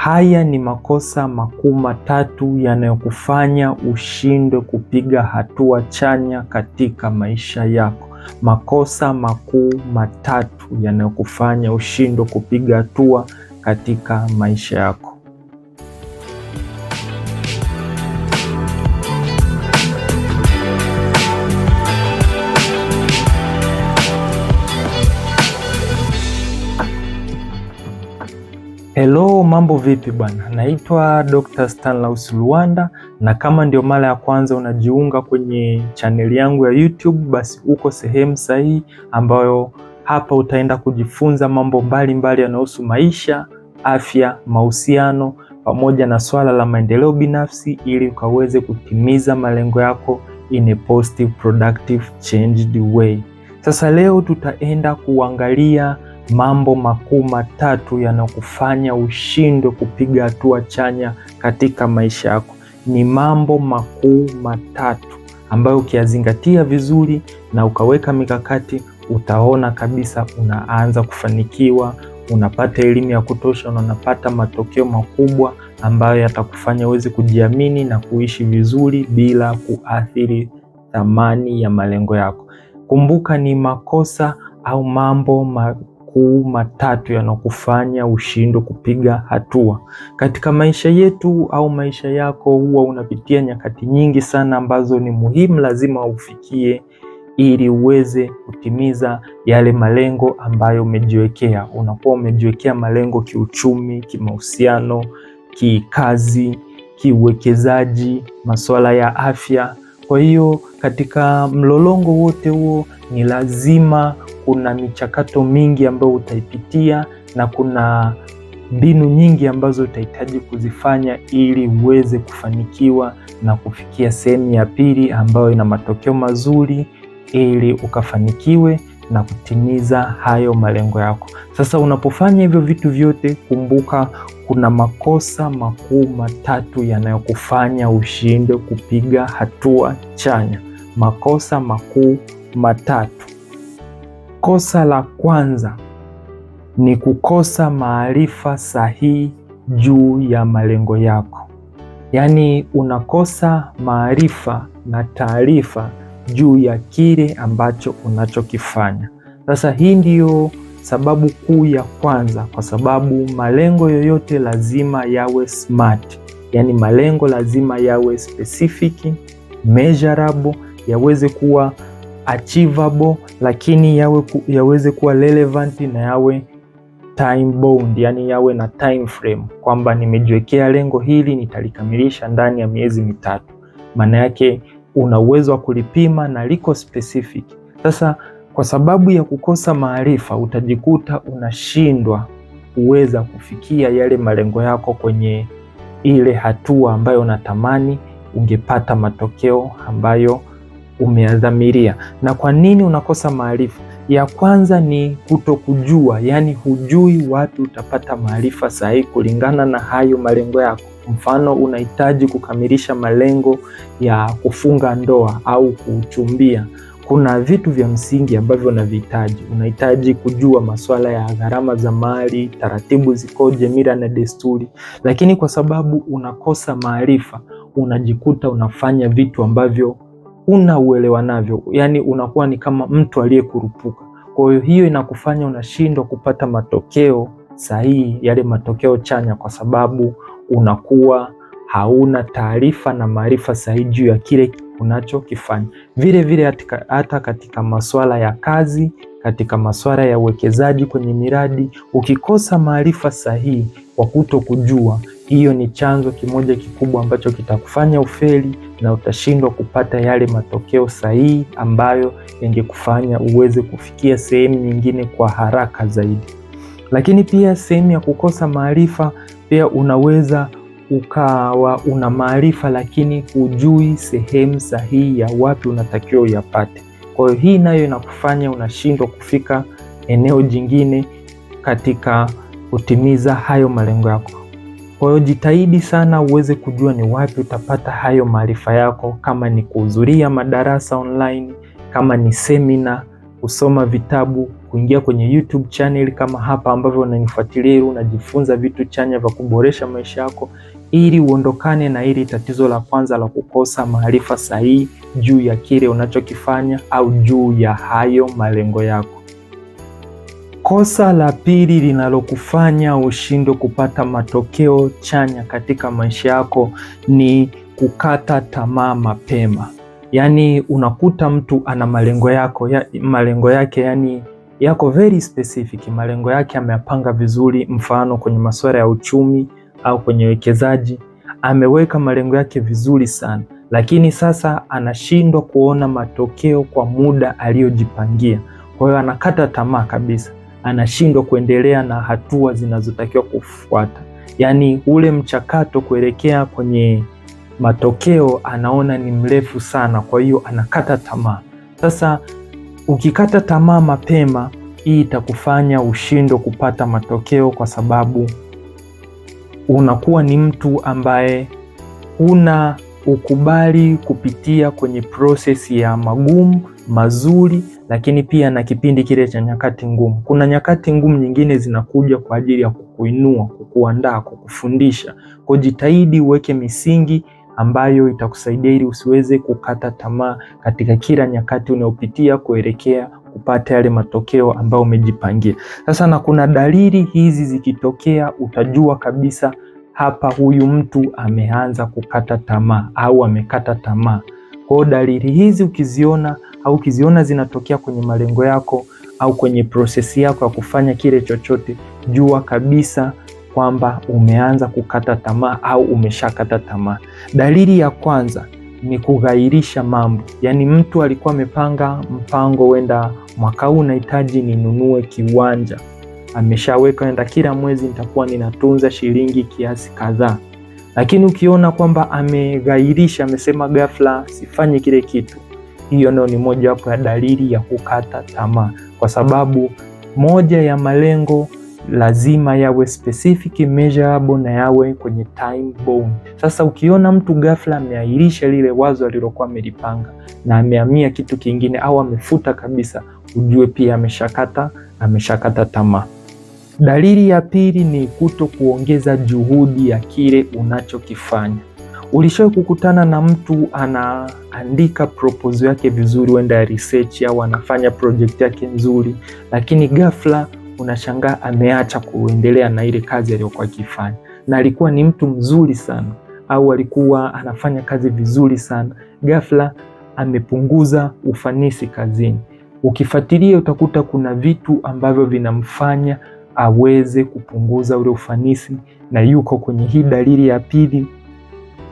Haya ni makosa makuu matatu yanayokufanya ushindwe kupiga hatua chanya katika maisha yako. Makosa makuu matatu yanayokufanya ushindwe kupiga hatua katika maisha yako. Hello, mambo vipi bwana? Naitwa Dr. Stanlaus Luanda na kama ndio mara ya kwanza unajiunga kwenye chaneli yangu ya YouTube, basi uko sehemu sahihi ambayo hapa utaenda kujifunza mambo mbalimbali yanayohusu maisha, afya, mahusiano pamoja na swala la maendeleo binafsi ili ukaweze kutimiza malengo yako in a positive, productive, changed way. Sasa leo tutaenda kuangalia mambo makuu matatu yanayokufanya ushindwe kupiga hatua chanya katika maisha yako. Ni mambo makuu matatu ambayo ukiyazingatia vizuri na ukaweka mikakati, utaona kabisa unaanza kufanikiwa, unapata elimu ya kutosha na unapata matokeo makubwa ambayo yatakufanya uweze kujiamini na kuishi vizuri bila kuathiri thamani ya malengo yako. Kumbuka, ni makosa au mambo ma makuu matatu yanakufanya ushindwe kupiga hatua katika maisha yetu au maisha yako. Huwa unapitia nyakati nyingi sana ambazo ni muhimu, lazima ufikie ili uweze kutimiza yale malengo ambayo umejiwekea. Unakuwa umejiwekea malengo kiuchumi, kimahusiano, kikazi, kiuwekezaji, masuala ya afya. Kwa hiyo katika mlolongo wote huo ni lazima kuna michakato mingi ambayo utaipitia na kuna mbinu nyingi ambazo utahitaji kuzifanya ili uweze kufanikiwa na kufikia sehemu ya pili ambayo ina matokeo mazuri, ili ukafanikiwe na kutimiza hayo malengo yako. Sasa unapofanya hivyo vitu vyote, kumbuka kuna makosa makuu matatu yanayokufanya ushindwe kupiga hatua chanya. Makosa makuu matatu. Kosa la kwanza ni kukosa maarifa sahihi juu ya malengo yako, yaani unakosa maarifa na taarifa juu ya kile ambacho unachokifanya. Sasa hii ndiyo sababu kuu ya kwanza, kwa sababu malengo yoyote lazima yawe smart, yaani malengo lazima yawe specific, measurable, yaweze kuwa achievable, lakini yawe ku, yaweze kuwa relevant na yawe time bound, yani yawe na time frame kwamba nimejiwekea lengo hili nitalikamilisha ndani ya miezi mitatu. Maana yake una uwezo wa kulipima na liko specific. Sasa kwa sababu ya kukosa maarifa utajikuta unashindwa kuweza kufikia yale malengo yako kwenye ile hatua ambayo unatamani ungepata matokeo ambayo umeadhamiria. Na kwa nini unakosa maarifa? Ya kwanza ni kutokujua, yaani hujui wapi utapata maarifa sahihi kulingana na hayo malengo yako. Mfano, unahitaji kukamilisha malengo ya kufunga ndoa au kuchumbia kuna vitu vya msingi ambavyo unavihitaji. Unahitaji kujua masuala ya gharama za mali, taratibu zikoje, mila na desturi, lakini kwa sababu unakosa maarifa, unajikuta unafanya vitu ambavyo una uelewa navyo, yani unakuwa ni kama mtu aliyekurupuka. Kwa hiyo hiyo inakufanya unashindwa kupata matokeo sahihi, yale matokeo chanya, kwa sababu unakuwa hauna taarifa na maarifa sahihi juu ya kile unachokifanya. Vile vile hata katika masuala ya kazi, katika masuala ya uwekezaji kwenye miradi, ukikosa maarifa sahihi kwa kuto kujua hiyo ni chanzo kimoja kikubwa ambacho kitakufanya ufeli na utashindwa kupata yale matokeo sahihi ambayo yangekufanya uweze kufikia sehemu nyingine kwa haraka zaidi. Lakini pia sehemu ya kukosa maarifa, pia unaweza ukawa una maarifa lakini hujui sehemu sahihi ya wapi unatakiwa uyapate. Kwa hiyo hii nayo inakufanya unashindwa kufika eneo jingine katika kutimiza hayo malengo yako. Kwa hiyo jitahidi sana uweze kujua ni wapi utapata hayo maarifa yako, kama ni kuhudhuria madarasa online, kama ni semina, kusoma vitabu, kuingia kwenye YouTube channel kama hapa ambavyo unanifuatilia, ili unajifunza vitu chanya vya kuboresha maisha yako, ili uondokane na hili tatizo la kwanza la kukosa maarifa sahihi juu ya kile unachokifanya au juu ya hayo malengo yako. Kosa la pili linalokufanya ushindwe kupata matokeo chanya katika maisha yako ni kukata tamaa mapema. Yaani unakuta mtu ana malengo yako ya, malengo yake yani yako very specific, malengo yake ameyapanga vizuri, mfano kwenye masuala ya uchumi au kwenye wekezaji ameweka malengo yake vizuri sana, lakini sasa anashindwa kuona matokeo kwa muda aliyojipangia. Kwa hiyo anakata tamaa kabisa anashindwa kuendelea na hatua zinazotakiwa kufuata. Yaani ule mchakato kuelekea kwenye matokeo anaona ni mrefu sana, kwa hiyo anakata tamaa. Sasa ukikata tamaa mapema, hii itakufanya ushindwe kupata matokeo, kwa sababu unakuwa ni mtu ambaye una ukubali kupitia kwenye prosesi ya magumu, mazuri lakini pia na kipindi kile cha nyakati ngumu. Kuna nyakati ngumu nyingine zinakuja kwa ajili ya kukuinua, kukuandaa, kukufundisha. Kwa jitahidi uweke misingi ambayo itakusaidia ili usiweze kukata tamaa katika kila nyakati unayopitia kuelekea kupata yale matokeo ambayo umejipangia. Sasa na kuna dalili hizi zikitokea, utajua kabisa hapa huyu mtu ameanza kukata tamaa au amekata tamaa. Kwa hiyo dalili hizi ukiziona au ukiziona zinatokea kwenye malengo yako au kwenye prosesi yako ya kufanya kile chochote, jua kabisa kwamba umeanza kukata tamaa au umeshakata tamaa. Dalili ya kwanza ni kughairisha mambo, yaani mtu alikuwa amepanga mpango, wenda mwaka huu unahitaji ninunue kiwanja, ameshaweka wenda kila mwezi nitakuwa ninatunza shilingi kiasi kadhaa lakini ukiona kwamba ameghairisha, amesema ghafla sifanye kile kitu, hiyo ndio ni moja wapo ya dalili ya kukata tamaa, kwa sababu moja ya malengo lazima yawe specific, measurable na yawe kwenye time bound. Sasa ukiona mtu ghafla ameahirisha lile wazo alilokuwa amelipanga na amehamia kitu kingine au amefuta kabisa, ujue pia ameshakata ameshakata tamaa. Dalili ya pili ni kuto kuongeza juhudi ya kile unachokifanya. Ulishawahi kukutana na mtu anaandika proposal yake vizuri, wenda ya research au anafanya project yake nzuri, lakini ghafla unashangaa ameacha kuendelea na ile kazi aliyokuwa akifanya, na alikuwa ni mtu mzuri sana au alikuwa anafanya kazi vizuri sana, ghafla amepunguza ufanisi kazini. Ukifuatilia utakuta kuna vitu ambavyo vinamfanya aweze kupunguza ule ufanisi, na yuko kwenye hii dalili ya pili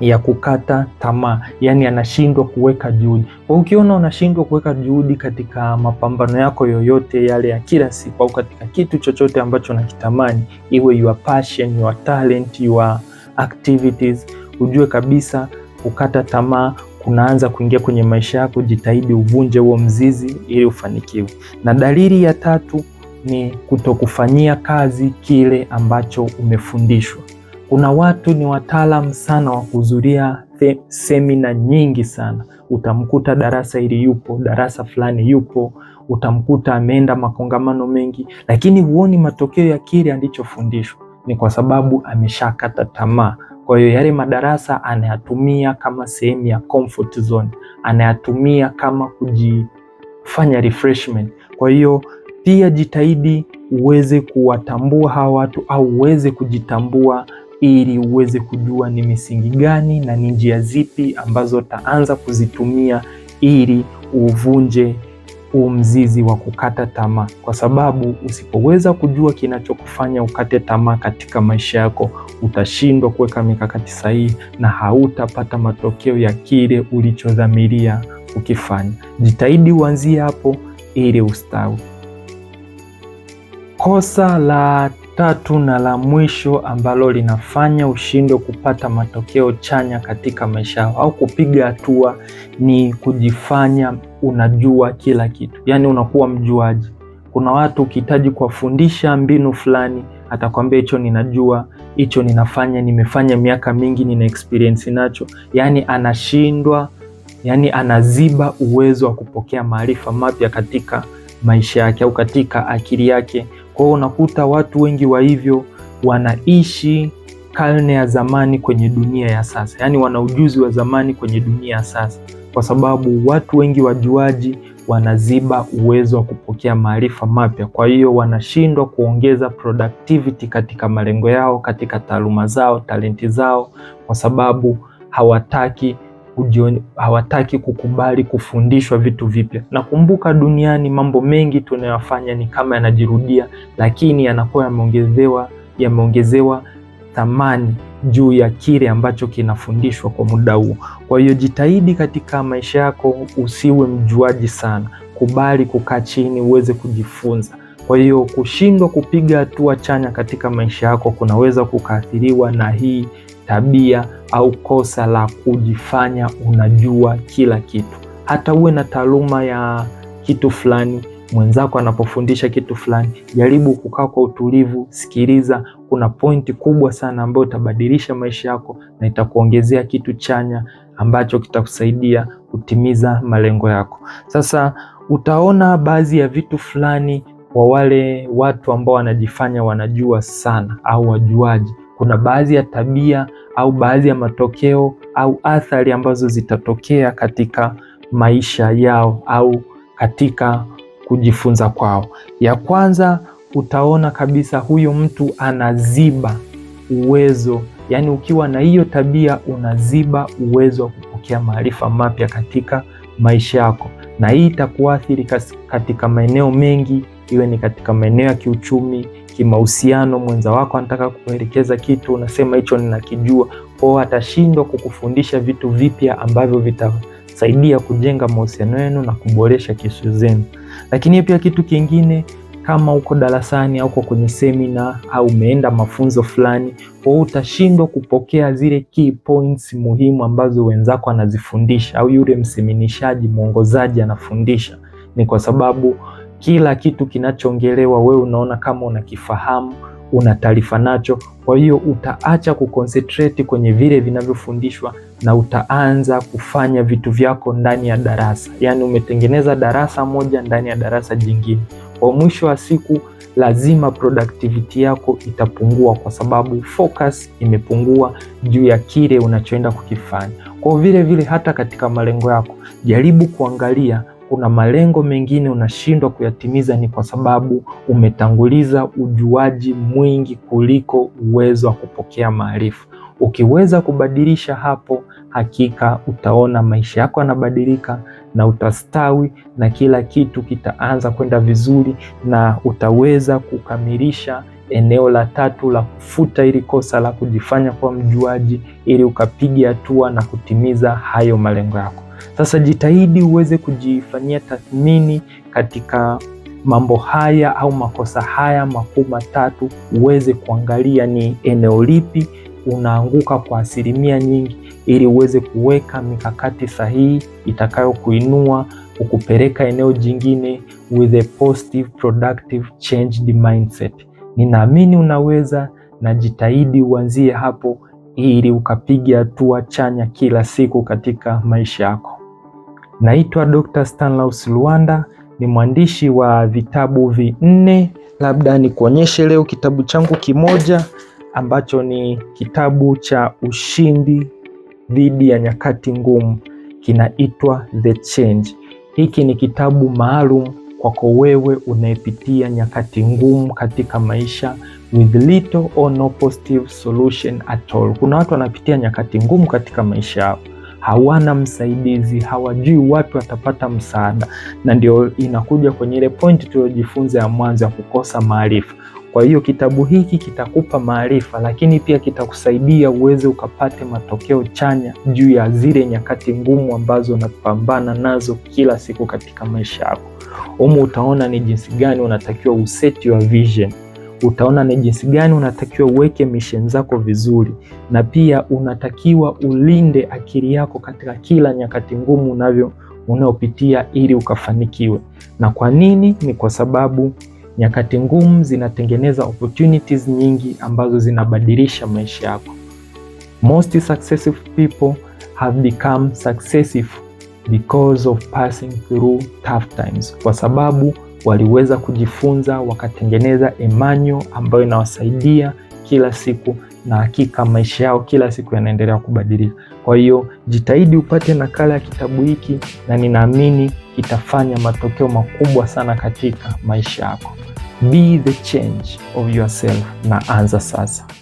ya kukata tamaa, yaani anashindwa kuweka juhudi. Kwa ukiona unashindwa kuweka juhudi katika mapambano yako yoyote yale ya kila siku, au katika kitu chochote ambacho unakitamani, iwe your passion, your talent, your activities, ujue kabisa kukata tamaa kunaanza kuingia kwenye maisha yako. Jitahidi uvunje huo mzizi ili ufanikiwe. Na dalili ya tatu ni kutokufanyia kazi kile ambacho umefundishwa. Kuna watu ni wataalam sana wa kuhudhuria semina nyingi sana. Utamkuta darasa hili yupo, darasa fulani yupo, utamkuta ameenda makongamano mengi, lakini huoni matokeo ya kile alichofundishwa. Ni kwa sababu ameshakata tamaa. Kwa hiyo yale madarasa anayatumia kama sehemu ya comfort zone, anayatumia kama kujifanya refreshment. Kwa hiyo pia jitahidi uweze kuwatambua hawa watu au uweze kujitambua ili uweze kujua ni misingi gani na ni njia zipi ambazo taanza kuzitumia ili uvunje huu mzizi wa kukata tamaa, kwa sababu usipoweza kujua kinachokufanya ukate tamaa katika maisha yako, utashindwa kuweka mikakati sahihi na hautapata matokeo ya kile ulichodhamiria ukifanya. Jitahidi uanzie hapo ili ustawi. Kosa la tatu na la mwisho ambalo linafanya ushindwe kupata matokeo chanya katika maisha yao au kupiga hatua ni kujifanya unajua kila kitu, yaani unakuwa mjuaji. Kuna watu ukihitaji kuwafundisha mbinu fulani atakwambia hicho ninajua, hicho ninafanya, nimefanya miaka mingi, nina experience nacho. Yaani anashindwa, yaani anaziba uwezo wa kupokea maarifa mapya katika maisha yake au katika akili yake kwao. unakuta watu wengi wa hivyo wanaishi karne ya zamani kwenye dunia ya sasa, yaani wana ujuzi wa zamani kwenye dunia ya sasa, kwa sababu watu wengi wajuaji wanaziba uwezo wa kupokea maarifa mapya. Kwa hiyo wanashindwa kuongeza productivity katika malengo yao, katika taaluma zao, talenti zao, kwa sababu hawataki kujion, hawataki kukubali kufundishwa vitu vipya. Nakumbuka duniani mambo mengi tunayofanya ni kama yanajirudia, lakini yanakuwa yameongezewa yameongezewa thamani juu ya kile ambacho kinafundishwa kwa muda huo. Kwa hiyo jitahidi katika maisha yako usiwe mjuaji sana, kubali kukaa chini uweze kujifunza. Kwa hiyo kushindwa kupiga hatua chanya katika maisha yako kunaweza kukaathiriwa na hii tabia au kosa la kujifanya unajua kila kitu. Hata uwe na taaluma ya kitu fulani, mwenzako anapofundisha kitu fulani, jaribu kukaa kwa utulivu, sikiliza. Kuna pointi kubwa sana ambayo itabadilisha maisha yako na itakuongezea kitu chanya ambacho kitakusaidia kutimiza malengo yako. Sasa utaona baadhi ya vitu fulani kwa wale watu ambao wanajifanya wanajua sana au wajuaji kuna baadhi ya tabia au baadhi ya matokeo au athari ambazo zitatokea katika maisha yao au katika kujifunza kwao. Ya kwanza utaona kabisa huyo mtu anaziba uwezo, yaani ukiwa na hiyo tabia unaziba uwezo wa kupokea maarifa mapya katika maisha yako, na hii itakuathiri katika maeneo mengi, iwe ni katika maeneo ya kiuchumi kimahusiano, mwenza wako anataka kuelekeza kitu, unasema hicho ninakijua kwao, atashindwa kukufundisha vitu vipya ambavyo vitasaidia kujenga mahusiano yenu na kuboresha kesho zenu. Lakini pia kitu kingine kama uko darasani au uko kwenye semina au umeenda mafunzo fulani, kwa hiyo utashindwa kupokea zile key points muhimu ambazo wenzako anazifundisha au yule mseminishaji mwongozaji anafundisha. Ni kwa sababu kila kitu kinachoongelewa wewe unaona kama unakifahamu, una taarifa nacho. Kwa hiyo utaacha kuconcentrate kwenye vile vinavyofundishwa na utaanza kufanya vitu vyako ndani ya darasa. Yaani umetengeneza darasa moja ndani ya darasa jingine. Kwa mwisho wa siku lazima productivity yako itapungua kwa sababu focus imepungua juu ya kile unachoenda kukifanya. Kwa vile vile hata katika malengo yako jaribu kuangalia kuna malengo mengine unashindwa kuyatimiza, ni kwa sababu umetanguliza ujuaji mwingi kuliko uwezo wa kupokea maarifa. Ukiweza kubadilisha hapo, hakika utaona maisha yako yanabadilika na utastawi na kila kitu kitaanza kwenda vizuri, na utaweza kukamilisha eneo la tatu la kufuta ili kosa la kujifanya kuwa mjuaji, ili ukapige hatua na kutimiza hayo malengo yako. Sasa jitahidi uweze kujifanyia tathmini katika mambo haya au makosa haya makuu matatu, uweze kuangalia ni eneo lipi unaanguka kwa asilimia nyingi, ili uweze kuweka mikakati sahihi itakayokuinua ukupeleka eneo jingine with a positive productive changed mindset. Ninaamini unaweza na jitahidi uanzie hapo ili ukapiga hatua chanya kila siku katika maisha yako. Naitwa Dr. Stanlaus Lwanda, ni mwandishi wa vitabu vinne. Labda nikuonyeshe leo kitabu changu kimoja ambacho ni kitabu cha ushindi dhidi ya nyakati ngumu, kinaitwa The Change. Hiki ni kitabu maalum kwako wewe unayepitia nyakati ngumu katika maisha with little or no positive solution at all. Kuna watu wanapitia nyakati ngumu katika maisha yao, hawana msaidizi, hawajui wapi watapata msaada, na ndio inakuja kwenye ile pointi tuliyojifunza ya mwanzo ya kukosa maarifa. Kwa hiyo kitabu hiki kitakupa maarifa, lakini pia kitakusaidia uweze ukapate matokeo chanya juu ya zile nyakati ngumu ambazo unapambana nazo kila siku katika maisha yako. Humu utaona ni jinsi gani unatakiwa useti your vision, utaona ni jinsi gani unatakiwa uweke mission zako vizuri, na pia unatakiwa ulinde akili yako katika kila nyakati ngumu unavyo unayopitia ili ukafanikiwe. Na kwa nini? Ni kwa sababu nyakati ngumu zinatengeneza opportunities nyingi ambazo zinabadilisha maisha yako. Most successful people have become successful because of passing through tough times, kwa sababu waliweza kujifunza wakatengeneza imani ambayo inawasaidia kila siku, na hakika maisha yao kila siku yanaendelea kubadilika. Kwa hiyo jitahidi upate nakala ya kitabu hiki, na ninaamini kitafanya matokeo makubwa sana katika maisha yako. Be the change of yourself, na anza sasa.